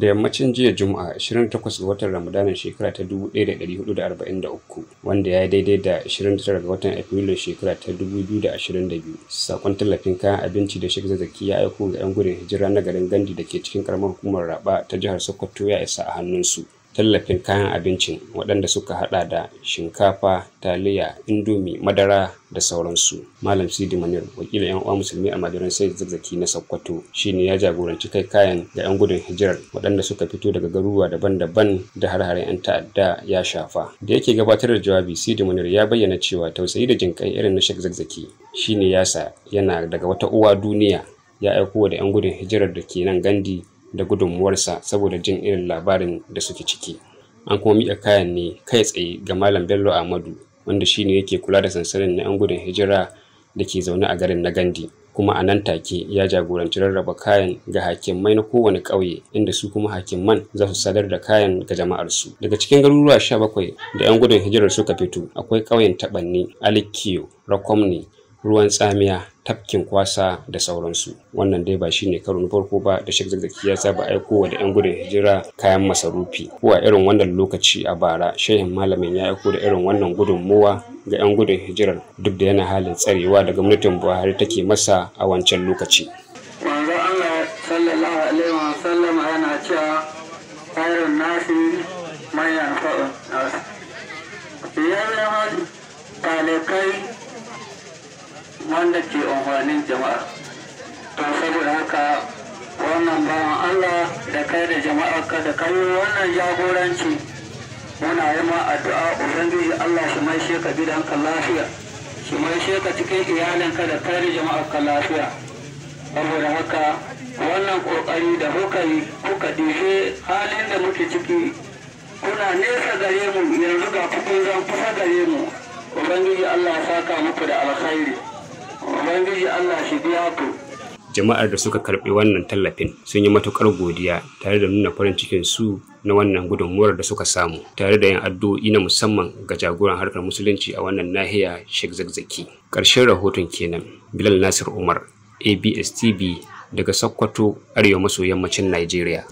da yammacin jiya juma'a 28 ga watan ramadanin shekara ta 1443 wanda ya yi daidai da 29 ga watan afrilun shekara ta 2022 sakon tallafin kayan abinci da shiga zazzaki ya aiko ga 'yan gudun hijira na garin gandi da ke cikin karamar hukumar raba ta jihar sokoto ya isa a hannunsu tallafin kayan abincin waɗanda suka haɗa da shinkafa taliya indomi madara da sauransu malam sidi manir wakilin yan uwa musulmi a maduran sai zazzaki na sokoto shine ya jagoranci kai kayan ga yan gudun hijirar waɗanda suka fito daga garuruwa daban-daban da har-haren yan ta'adda ya shafa da yake gabatar da jawabi sidi manir ya bayyana cewa tausayi da jin jinkai irin na shek zazzaki shine yasa yana daga wata uwa duniya ya aiko da yan gudun hijirar da ke nan gandi da gudunmuwarsa saboda jin irin labarin da suke ciki an kuma miƙa kayan ne kai tsaye ga malam bello ahmadu wanda shine yake kula da sansanin na 'yan gudun hijira da ke zaune a garin na gandi kuma a nan take ya jagoranci rarraba kayan ga hakimai na kowane ƙauye inda su kuma hakiman za su sadar da kayan ga jama'arsu daga cikin garuruwa sha bakwai da 'yan gudun hijirar suka fito akwai ƙauyen taɓanni alikiyo rakomni ruwan tsamiya tafkin kwasa da sauransu wannan dai ba shine karo na farko ba da shek zakzaki ya saba aiko da yan gudun hijira kayan masarufi ko a irin wannan lokaci a bara shehin malamin ya aiko da irin wannan gudunmuwa ga yan gudun hijirar duk da yana halin tsarewa da gwamnatin buhari take masa a wancan lokaci manzo allah sallallahu alaihi wa sallam yana cewa nasi ya zama wanda ke amfanin jama'a to saboda haka wannan bawan Allah da kai da jama'a ka da kai wannan jagoranci muna yi ma addu'a ubangiji Allah shi mai shi ka gidanka lafiya shi mai shi ka cikin ka da kai da jama'a ka lafiya saboda haka wannan kokari da kuka yi kuka dishe halin da muke ciki kuna nesa gare mu yanzu ga kun zan kusa gare mu ubangiji Allah ya saka muku da alkhairi ubangiji Allah shi biya ku jama'ar da suka karɓi wannan tallafin sun yi matuƙar godiya tare da nuna farin cikin su na wannan gudunmuwar da suka samu tare da yin addu'o'i na musamman ga jagoran harkar musulunci a wannan nahiya Sheikh Zakzaki. Ƙarshen rahoton kenan Bilal Nasir Umar ABS TV daga Sokoto Arewa maso yammacin Najeriya.